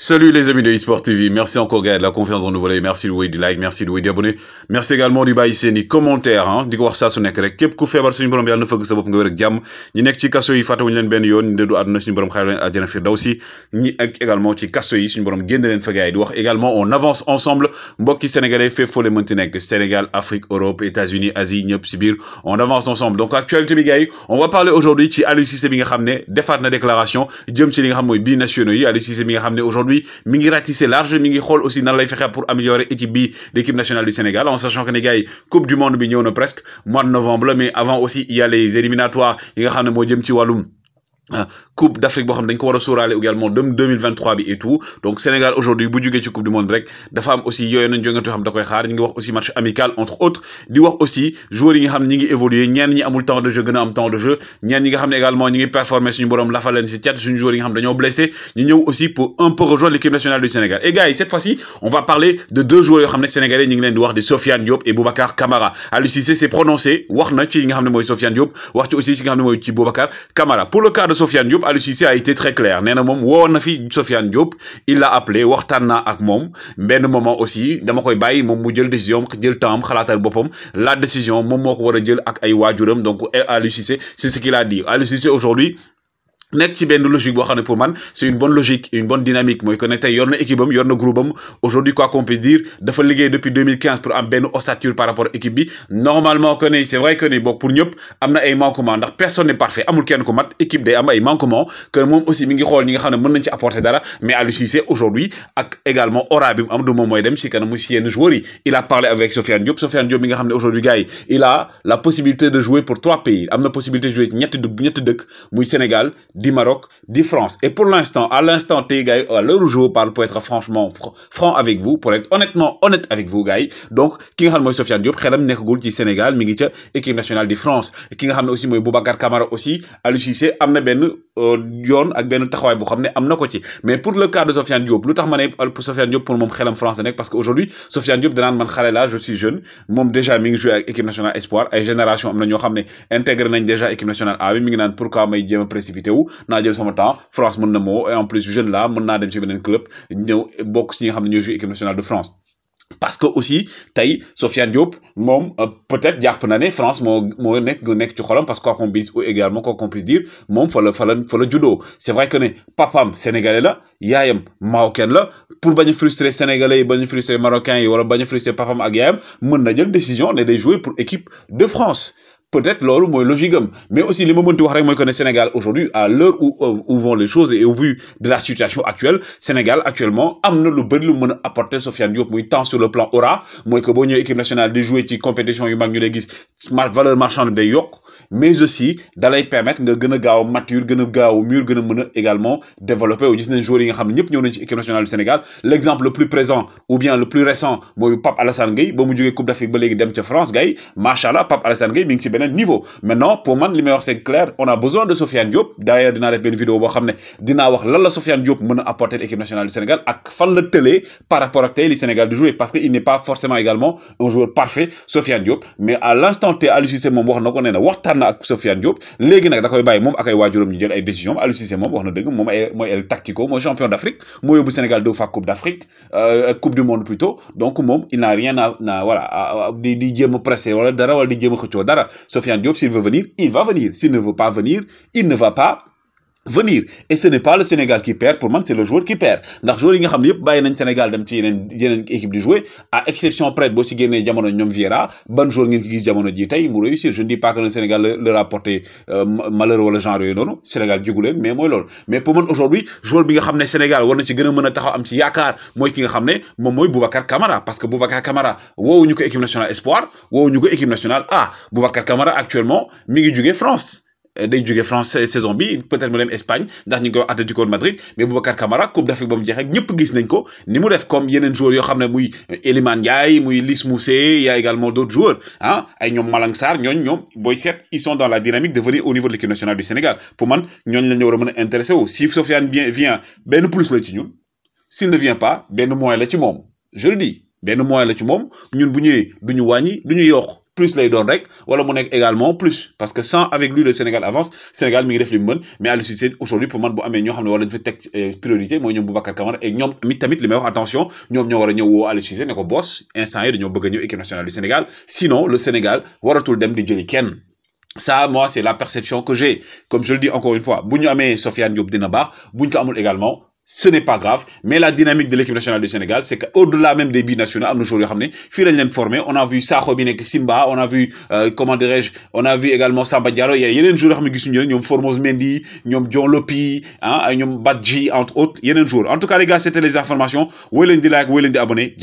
Salut les amis de eSport TV, merci encore gars, de la confiance dans nous voler, merci loué du like, merci loué di abonné, merci également du bàyyi seen commentaire Hein. di ko wax saa su nekk rek képp ku feebar suñu borom yàlla na fëgg sa bopp nga wér ak jàmm ñi nekk ci kaso yi fàttewuñu leen benn yoon de dëddu àdduna suñu borom xaar à dire firdawsi ñi ak également ci kaso yi suñu borom génn leen fa gaay di wax également on avance ensemble mbokki sénégalais fépp foo leen mënti Sénégal Afrique Europe États-Unis Asie ñëpp si on avance ensemble donc actualité bi gars on va parler aujourd'hui ci Aliou Cissé bi nga xam na déclaration jëm ci li nga xam mooy binationaux yi bi nga aujourd'hui aujourd'hui mi ratisser large Mingi ngi aussi nan lay pour améliorer équipe bi l'équipe nationale du Sénégal en sachant que y gars coupe du monde bi ñëw presque mois de novembre mais avant aussi il y a les éliminatoires yi nga xamné mo jëm ci ah, coupe d'Afrique boo xam dañ ko a sóoraale également 2023 bi et tout donc Sénégal aujourd'hui bu jugee ci coupe du monde rek dafa am aussi yooyu nañ jongante yoo xam da koy xaar ñi ngi wax aussi match amical entre autres di wax aussi joueurs yi nga xam ne ñi ngi évoluer ñenn ñi amul temps de jeu gën a am temps de jeu ñenn ñi nga xam également ñi ngi performer suñu borom lafa leen si cat suñu joueurs yi nga xam dañoo blessé ñu ñëw aussi pour un peu rejoindre l'équipe nationale du Sénégal et gars cette fois-ci on va parler de deux joueurs yoo xam sénégalais ñi ngi leen di wax di Sofiane Diop et Boubacar Kamara Aliou Cissé s'est prononcé wax na ci yi nga xam ne Sofiane Diop wax ci aussi si nga xam ne ci Boubacar Kamara pour le cas de Sofiane Diop Aliou a été très clair Néna mom, moom na fi Sofiane Diop il l'a appelé waxtaan ak mom, benn moment aussi dama koy baye, mom mu jël décision jël temps am xalaatal boppam la décision mom moko wara jël ak ay wajuram, donc eh, Aliou c'est ce qu'il a dit Aliou aujourd'hui nek ci benn logique bo xamné pour man c'est une bonne logique une bonne dynamique moy que ne tey équipe bam yorna na groupe am aujourd'hui quoi qu'on puisse dire dafa liguer depuis 2015 pour am benn ossature par rapport équipe bi normalement que c'est vrai que ne bokk pour ñëpp Amna ay manquements ndax personne n'est parfait amul kenn ko mat équipe day am ay manquements que mom aussi mi ngi xol ñi nga xamné ne mën nañ ci apporter dara mais Aliou c'est aujourd'hui ak également aura bi am du mom moy dem si kanam si yenn joueur yi il a parlé avec Sofiane Diop Sofiane Diop mi nga xamné aujourd'hui gars il a la possibilité de jouer pour trois pays amna possibilité de jouer ci de ñetti deuk muy Sénégal du Maroc, du France. Et pour l'instant, à l'instant T, à l'heure où je vous parle, pour être franchement franc avec vous, pour être honnêtement honnête avec vous, gars, donc, qui nga Sofiane Diop xelam nekkagul ci Sénégal mi ngi équipe nationale de France Qui nga xam aussi mooy Boubacar Camara aussi Aliou Cissé am na benn euh, yoon ak benn taxawaay amené xam ne ko ci mais pour le cas de Sofiane Diop lu mané, pour Sofiane Diop pour moom xelam France nekk parce qu'aujourd'hui, Sofiane Diop danaan man xale là, je suis jeune moom déjà mi ngi joué avec équipe nationale espoir et génération am na intégrer intégré nañ déjà équipe nationale A bi mi ngi naan pourquoi may précipité où naa jël sama temps France mën na et en plus jeune là mën naa dem ci club ñëw bokk ci nga ñoo équipe nationale de France. parce que aussi tey Sofiane Diop moom euh, peut-être jàpp na ne France mon moo nekk ci xolam parce que quoi qu'on ou également qu'on puisse dire mon fa la fa la faut le judo c'est vrai que ne papam sénégalais la yayam, marocain la pour bañ frustrer sénégalais yi bañ frustrer marocains yi wala bañ frustrer papam ak yaayam na jël décision ne de jouer pour équipe de France peut-être loolu mooy logique mais aussi les moments où wax rek mooy que Sénégal aujourd'hui à l'heure où euh, où vont les choses et au vu de la situation actuelle Sénégal actuellement am le lu bëri lu a apporter Sofiane Diop tant sur le plan aura moi que boo équipe nationale de jouer qui compétition yu mag ñu lay valeur marchande de York mais aussi d'aller permettre nga gagner au mature gën au gaaw mûr également développer au gis nañ joueurs yi nga xam équipe nationale du Sénégal l'exemple le plus présent ou bien le plus récent mooy Pape Alassane Gueye ba mu jógee Coupe d'Afrique Afrique ba léegi dem ca France Gueye macha Pape Alassane Gueye mi ngi ci un niveau maintenant pour man le meilleur wax clair on a besoin de Sofiane Diop d'ailleurs ailleurs dinaa une une vidéo on va ne wax lan la Sofiane Diop mën a apporter l'équipe nationale du Sénégal à fan la télé par rapport à tey li Sénégal de jouer parce qu'il n'est pas forcément également un joueur parfait Sofiane Diop mais à l'instant T Aliou Cissé moom wax na ko nee ànd ak Sofiane Diop légui nak da koy bàyyi moom ak ay ñu jël ay décision am Aliou Cissé mom waxna deug mom moom ay el tactico moy champion d'Afrique moy yobu Sénégal deux fois coupe d'Afrique, euh coupe du monde plutôt donc mom il n'a rien à na voilà di di jéem a wala dara wala di jëm a dara Sofiane Diop s'il veut venir il va venir s'il ne veut pas venir il ne va pas venir et ce n'est pas le Sénégal qui perd pour moi c'est le joueur qui perd ndax joueur yi nga xam yépp yëpp nañ Sénégal dem ci yenen yeneen équipe di jouer à exception près bo ci génnee jamono ñom Vieira ban joueur ngeen ci gis jamono ji tay mu réussir je ne dis pas que le Sénégal le a apporté euh, malheur wala genre yoy noonu Sénégal jugu mais moy lool mais pour moi aujourd'hui joueur bi nga xam Sénégal war na ci gëna mëna taxaw am ci yaakaar moy ki nga xam mom moy Boubacar Camara parce que Boubacar Camara woowuñu ko équipe nationale espoir woowuñu ko équipe nationale A Boubacar Camara actuellement mi ngi jugee France day jugé français saison bi peut-être même Espagne ndax ñu ngi ko Atletico de Madrid mais Boubacar Camara Coupe d'Afrique bam mu jeexee ñëpp gis nañ ko ni mu def comme yeneen joueurs yo xamné muy Eliman Ndiaye muy Lys il y a également d'autres joueurs hein ay ñom Malang Sar ñooñ ñom boy set ils sont dans la dynamique de venir au niveau de l'équipe nationale du Sénégal pour man ils la wara intéressé wu si Sofiane vient benn plus la ci ñun s'il ne vient pas ben moins la ci mom je le dis ben moins la ci mom ñun bu ñëwee duñu wañi duñu yokk plus les doon également plus parce que sans avec lui le Sénégal avance Sénégal mi ngi def mais aujourd'hui pour man bu euh, priorité et attention nous avons wara priorités nous à le ko boss instant yi nationale du Sénégal sinon le Sénégal waratul dem di ça moi c'est la perception que j'ai comme je le dis encore une fois si Sofiane Diop dina également ce n'est pas grave mais la dynamique de l'équipe nationale du Sénégal c'est quau delà même des billets nationaux, nous joueurs ramener. xam ne lañ leen formé on a vu Sakho bi Simba on a vu euh, comment dirais-je on a vu également Samba Diallo y a yeneen joueurs yoo xam ne gisuñu Formose Mendy John Lopi, hein, ah, Badji entre autres yeneen joueurs en tout cas les gars c'était les informations woy leen di like woy di abonné